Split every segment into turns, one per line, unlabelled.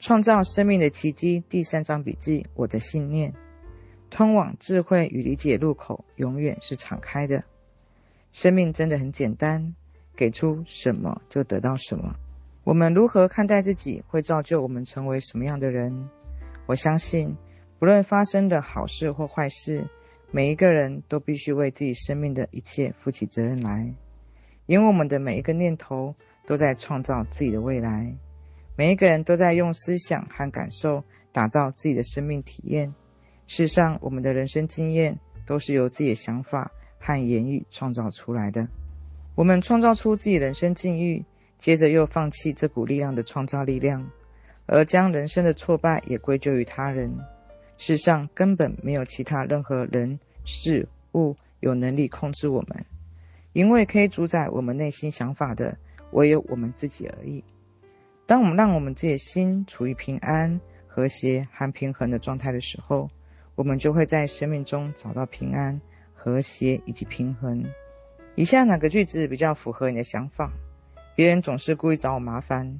創造生命的奇蹟。第三章筆記：我的信念，通往智慧與理解路口永遠是敞開的。生命真的很簡單，給出什麼就得到什麼。我們如何看待自己，會造就我們成為什麼樣的人。我相信，不論發生的好事或壞事，每一個人都必須為自己生命的一切負起責任來，因為我們的每一個念頭都在創造自己的未來。每一個人都在用思想和感受打造自己的生命體驗。事實上，我們的人生經驗都是由自己的想法和言語創造出來的。我們創造出自己人生境遇，接着又放棄這股力量的創造力量，而將人生的挫敗也歸咎於他人。世上根本沒有其他任何人事物有能力控制我們，因為可以主宰我們內心想法的，唯有我們自己而已。當我們讓我們自己的心處於平安、和諧和平衡的狀態的時候，我們就會在生命中找到平安、和諧以及平衡。以下哪個句子比較符合你的想法？別人總是故意找我麻煩，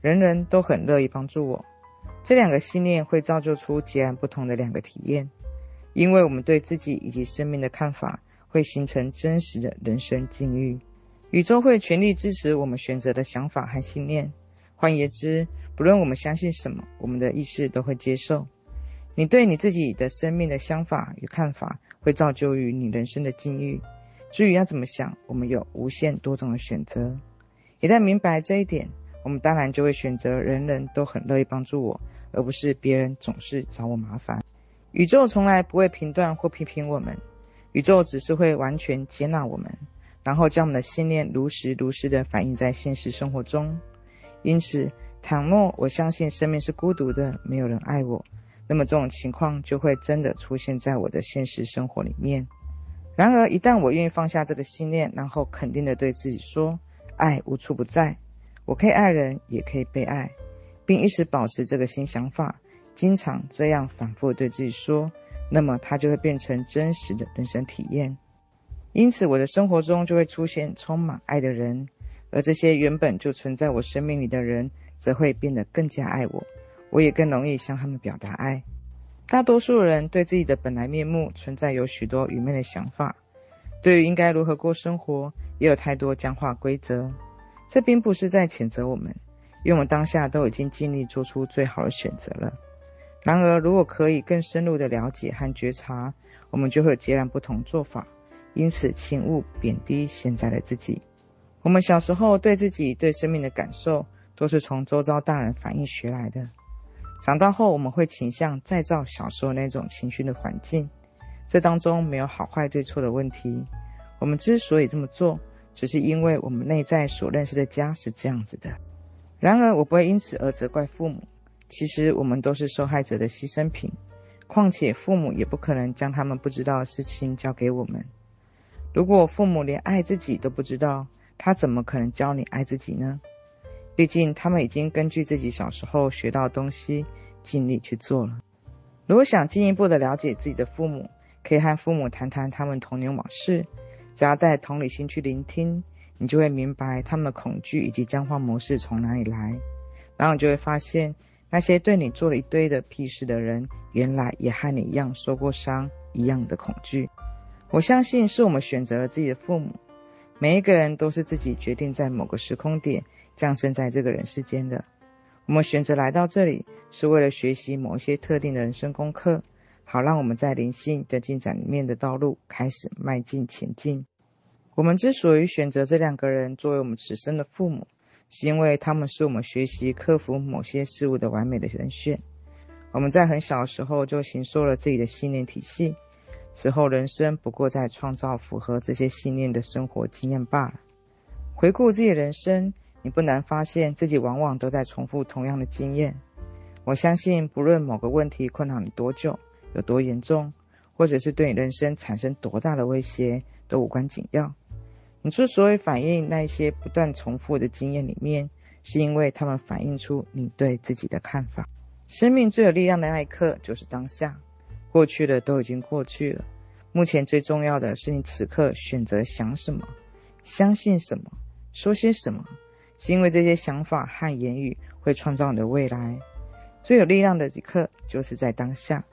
人人都很樂意幫助我。這兩個信念會造就出截然不同的兩個體驗，因為我們對自己以及生命的看法會形成真實的人生境遇。宇宙會全力支持我們選擇的想法和信念。換言之，不論我們相信什麼，我們的意識都會接受。你對你自己的生命的想法與看法，會造就於你人生的境遇。至於要怎麼想，我們有無限多種的選擇。一旦明白這一點，我們當然就會選擇人人都很樂意幫助我，而不是別人總是找我麻煩。宇宙從來不會評斷或批評我們，宇宙只是會完全接納我們，然後將我們的信念如實如實的反映在現實生活中。因此，倘若我相信生命是孤獨的，沒有人愛我，那麼這種情況就會真的出現在我的現實生活裡面。然而，一旦我願意放下這個信念，然後肯定的對自己說“愛無處不在，我可以愛人，也可以被愛”，並一直保持這個新想法，經常這樣反覆地對自己說，那麼它就會變成真實的人生體驗。因此，我的生活中就會出現充滿愛的人。而這些原本就存在我生命裡的人，則會變得更加愛我，我也更容易向他們表達愛。大多數的人對自己的本來面目存在有許多愚昧的想法，對於應該如何過生活，也有太多僵化規則。這並不是在譴責我們，因為我們當下都已經盡力做出最好的選擇了。然而，如果可以更深入的了解和覺察，我們就會有截然不同做法。因此，請勿貶低現在的自己。我們小時候對自己、對生命的感受，都是從周遭大人反應學來的。長大後，我們會傾向再造小時候那種情緒的環境。這當中沒有好壞對錯的問題。我們之所以這麼做，只是因為我們內在所認識的家是這樣子的。然而，我不會因此而責怪父母。其實，我們都是受害者的犧牲品。況且，父母也不可能將他們不知道的事情交給我們。如果父母連愛自己都不知道，他怎麼可能教你愛自己呢？畢竟他們已經根據自己小時候學到的東西盡力去做了。如果想進一步的了解自己的父母，可以和父母談談他們童年往事。只要帶同理心去聆聽，你就會明白他們的恐懼以及僵化模式從哪裡來。然後你就會發現，那些對你做了一堆的屁事的人，原來也和你一樣受過傷，一樣的恐懼。我相信是我們選擇了自己的父母。每一個人都是自己決定在某個時空點降生在這個人世間的。我們選擇來到這裡，是為了學習某些特定的人生功課，好讓我們在靈性的進展裡面的道路開始邁進前進。我們之所以選擇這兩個人作為我們此生的父母，是因為他們是我們學習克服某些事物的完美的人選。我們在很小的時候就形塑了自己的信念體系。此後人生不過在創造符合這些信念的生活經驗罷了。回顧自己的人生，你不難發現自己往往都在重複同樣的經驗。我相信，不論某個問題困擾你多久、有多嚴重，或者是對你人生產生多大的威脅，都無關緊要。你之所以反映那些不斷重複的經驗裡面，是因為它們反映出你對自己的看法。生命最有力量的那一刻就是當下。過去的都已經過去了，目前最重要的是你此刻選擇想什麼、相信什麼、說些什麼，是因為這些想法和言語會創造你的未來。最有力量的一刻就是在當下，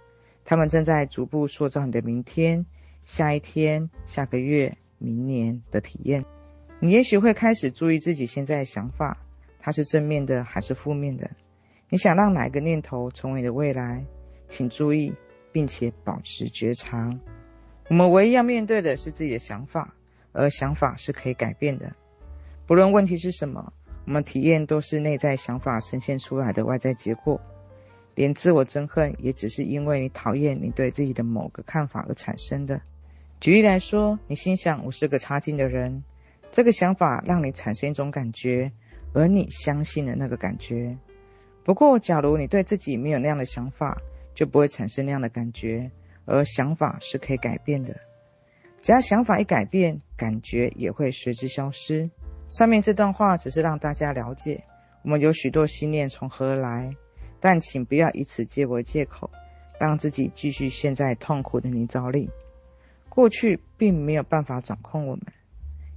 他們正在逐步塑造你的明天、下一天、下個月、明年的體驗。你也許會開始注意自己現在的想法，它是正面的還是負面的？你想讓哪一個念頭成為你的未來？請注意。並且保持覺察。我們唯一要面對的是自己的想法，而想法是可以改變的。不論問題是什麼，我們體驗都是內在想法呈現出來的外在結果。連自我憎恨也只是因為你討厭你對自己的某個看法而產生的。舉例來說，你心想“我是個差勁的人”，這個想法讓你產生一種感覺，而你相信了那個感覺。不過，假如你對自己沒有那樣的想法，就不會產生那樣的感覺，而想法是可以改變的。只要想法一改變，感覺也會隨之消失。上面這段話只是讓大家了解我們有許多信念從何而來，但請不要以此作為借口，讓自己繼續陷在痛苦的泥沼裡。過去並沒有辦法掌控我們，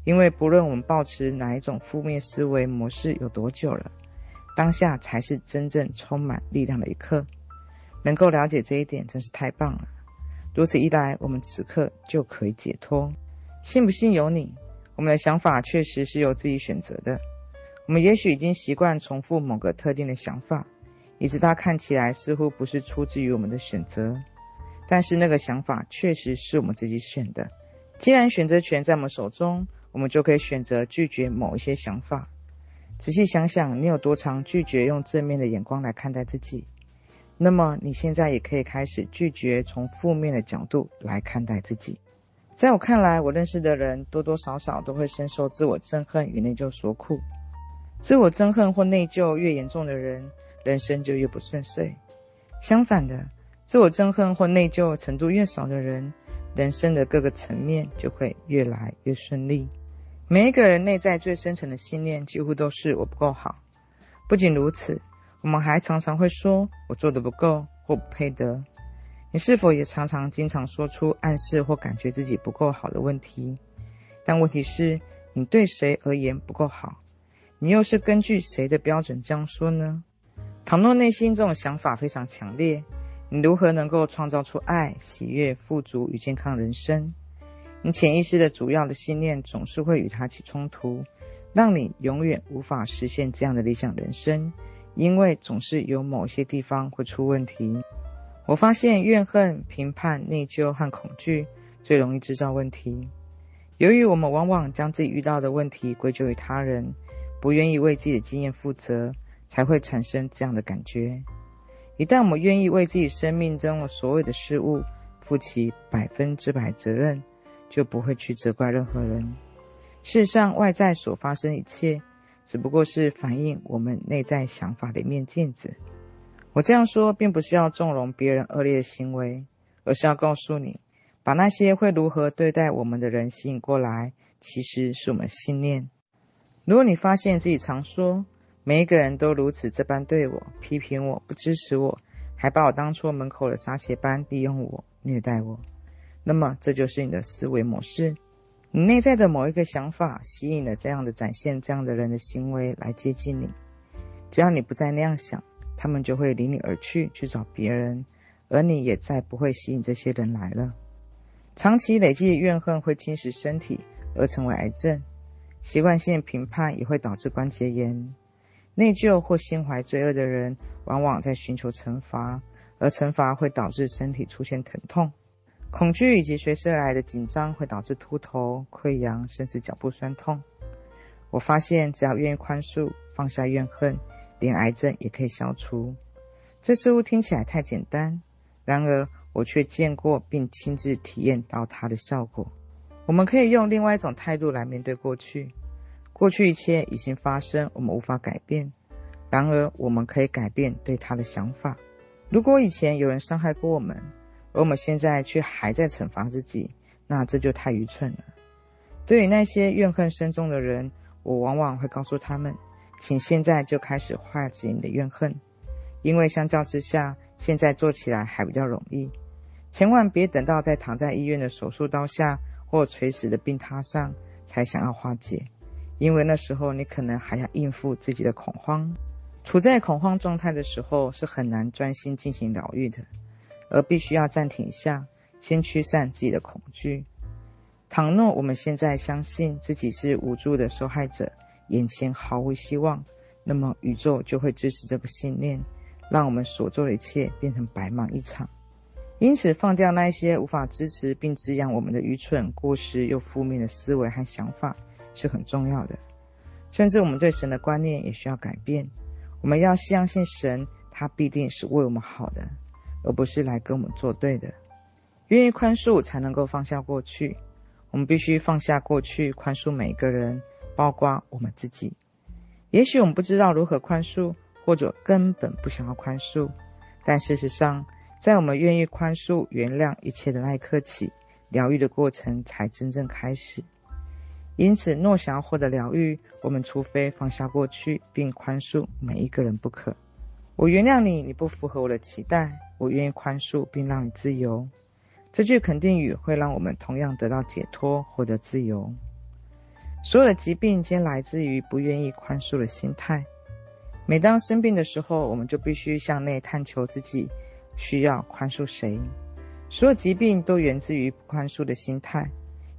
因為不論我們抱持哪一種負面思維模式有多久了，當下才是真正充滿力量的一刻。能夠了解這一點真是太棒了。如此一來，我們此刻就可以解脫。信不信由你。我們的想法確實是由自己選擇的。我們也許已經習慣重複某個特定的想法，以致它看起來似乎不是出自於我們的選擇。但是那個想法確實是我們自己選的。既然選擇權在我們手中，我們就可以選擇拒絕某一些想法。仔細想想，你有多常拒絕用正面的眼光來看待自己？那麼你現在也可以開始拒絕從負面的角度來看待自己。在我看來，我認識的人多多少少都會深受自我憎恨與內疚所苦。自我憎恨或內疚越嚴重的人，人生就越不順遂；相反的，自我憎恨或內疚程度越少的人，人生的各個層面就會越來越順利。每一個人內在最深層的信念幾乎都是“我不夠好”。不僅如此。我們還常常會說：“我做得不夠，或不配得。”你是否也常常經常說出暗示或感覺自己不夠好的問題？但問題是，你對誰而言不夠好？你又是根據誰的標準這樣說呢？倘若內心這種想法非常強烈，你如何能夠創造出愛、喜悅、富足與健康人生？你潛意識的主要的信念總是會與它起衝突，讓你永遠無法實現這樣的理想人生。因為總是有某些地方會出問題，我發現怨恨、評判、內疚和恐懼最容易製造問題。由於我們往往將自己遇到的問題歸咎於他人，不願意為自己的經驗負責，才會產生這樣的感覺。一旦我們願意為自己生命中的所有的事物負起百分之百責任，就不會去責怪任何人。事實上，外在所發生一切只不過是反映我們內在想法的一面鏡子。我這樣說，並不是要縱容別人惡劣的行為，而是要告訴你，把那些會如何對待我們的人吸引過來，其實是我們信念。如果你發現你自己常說“每一個人都如此這般對我，批評我不，不支持我，還把我當作門口的沙鞋般利用我、虐待我”，那麼這就是你的思維模式。你內在的某一個想法吸引了這樣的展現，這樣的人的行為來接近你。只要你不再那樣想，他們就會離你而去，去找別人，而你也再不會吸引這些人來了。長期累積的怨恨會侵蝕身體，而成為癌症；習慣性評判也會導致關節炎。內疚或心懷罪惡的人，往往在尋求懲罰，而懲罰會導致身體出現疼痛。恐懼以及隨之而來的緊張會導致禿頭、潰瘍，甚至腳部痠痛。我發現，只要願意寬恕、放下怨恨，連癌症也可以消除。這似乎聽起來太簡單，然而我卻見過并親自體驗到它的效果。我們可以用另外一種態度來面對過去。過去一切已經發生，我們無法改變。然而，我們可以改變對它的想法。如果以前有人傷害過我們，而我們現在卻還在懲罰自己，那這就太愚蠢了。對於那些怨恨深重的人，我往往會告訴他們，請現在就開始化解你的怨恨，因為相較之下，現在做起來還比較容易。千萬別等到在躺在醫院的手術刀下或垂死的病榻上才想要化解，因為那時候你可能還要應付自己的恐慌。處在恐慌狀態的時候，是很難專心進行療愈的。而必須要暫停一下，先驅散自己的恐懼。倘若我們現在相信自己是無助的受害者，眼前毫無希望，那麼宇宙就會支持這個信念，讓我們所做的一切變成白忙一場。因此，放掉那些無法支持並滋養我們的愚蠢、過時又負面的思維和想法是很重要的。甚至我們對神的觀念也需要改變。我們要相信神，他必定是為我們好的。而不是來跟我們作對的。願意寬恕，才能夠放下過去。我們必須放下過去，寬恕每一個人，包括我們自己。也許我們不知道如何寬恕，或者根本不想要寬恕。但事實上，在我們願意寬恕、原諒一切的那一刻起，療癒的過程才真正開始。因此，若想要獲得療癒，我們除非放下過去，並寬恕每一個人不可。我原諒你，你不符合我的期待。我願意寬恕，並讓你自由。這句肯定語會讓我們同樣得到解脫，獲得自由。所有的疾病皆來自於不願意寬恕的心態。每當生病的時候，我們就必須向內探求自己需要寬恕誰。所有疾病都源自於不寬恕的心態，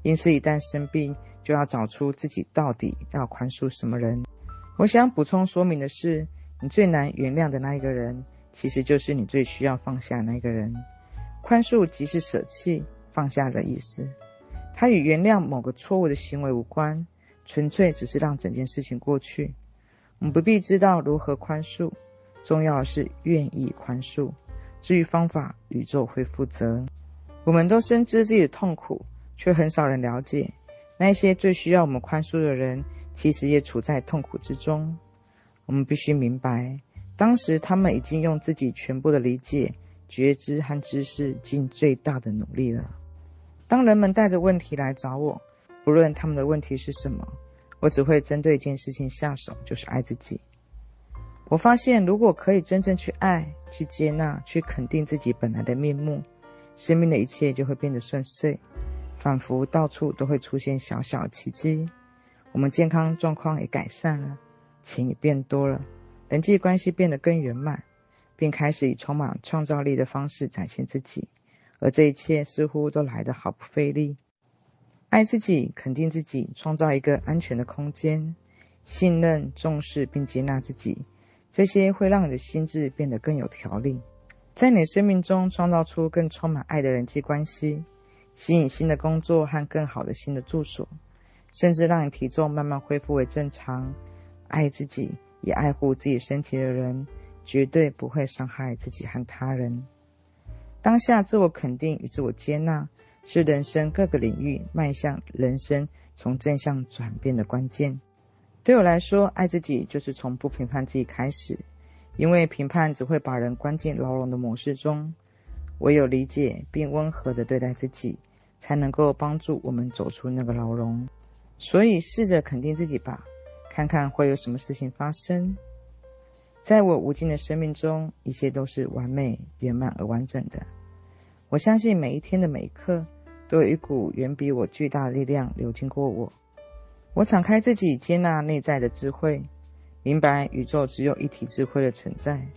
因此一旦生病，就要找出自己到底要寬恕什麼人。我想補充說明的是，你最難原諒的那一個人。其實就是你最需要放下那個人，寬恕即是捨棄、放下的意思。它與原諒某個錯誤的行為無關，純粹只是讓整件事情過去。我們不必知道如何寬恕，重要的是願意寬恕。至於方法，宇宙會負責。我們都深知自己的痛苦，卻很少人了解，那些最需要我們寬恕的人，其實也處在痛苦之中。我們必須明白。當時他們已經用自己全部的理解、覺知和知識，盡最大的努力了。當人們帶着問題來找我，不論他們的問題是什麼，我只會針對一件事情下手，就是愛自己。我發現，如果可以真正去愛、去接納、去肯定自己本來的面目，生命的一切就會變得順遂，仿佛到處都會出現小小的奇蹟。我們健康狀況也改善了，錢也變多了。人際關係變得更圓滿，並開始以充滿創造力的方式展現自己，而這一切似乎都來得毫不費力。愛自己，肯定自己，創造一個安全的空間，信任、重視並接納自己，這些會讓你的心智變得更有條理，在你的生命中創造出更充滿愛的人際關係，吸引新的工作和更好的新的住所，甚至讓你體重慢慢恢復為正常。愛自己。也愛護自己身體的人，絕對不會傷害自己和他人。當下自我肯定與自我接納，是人生各個領域邁向人生從正向轉變的關鍵。對我來說，愛自己就是從不評判自己開始，因為評判只會把人關進牢籠的模式中。唯有理解並溫和地對待自己，才能夠幫助我們走出那個牢籠。所以，試着肯定自己吧。看看會有什麼事情發生。在我無盡的生命中，一切都是完美、圓滿而完整的。我相信每一天的每一刻，都有一股遠比我巨大的力量流經過我。我敞開自己，接納內在的智慧，明白宇宙只有一體智慧的存在。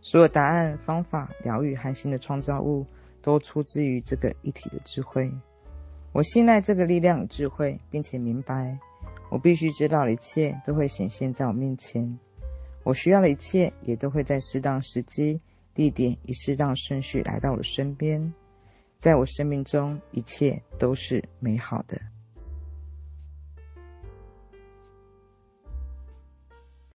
所有答案、方法、療癒、含心的創造物，都出自於這個一體的智慧。我信賴這個力量與智慧，並且明白。我必須知道的一切都會顯現在我面前，我需要的一切也都會在適當時機、地點以適當順序來到我身邊，在我生命中一切都是美好的。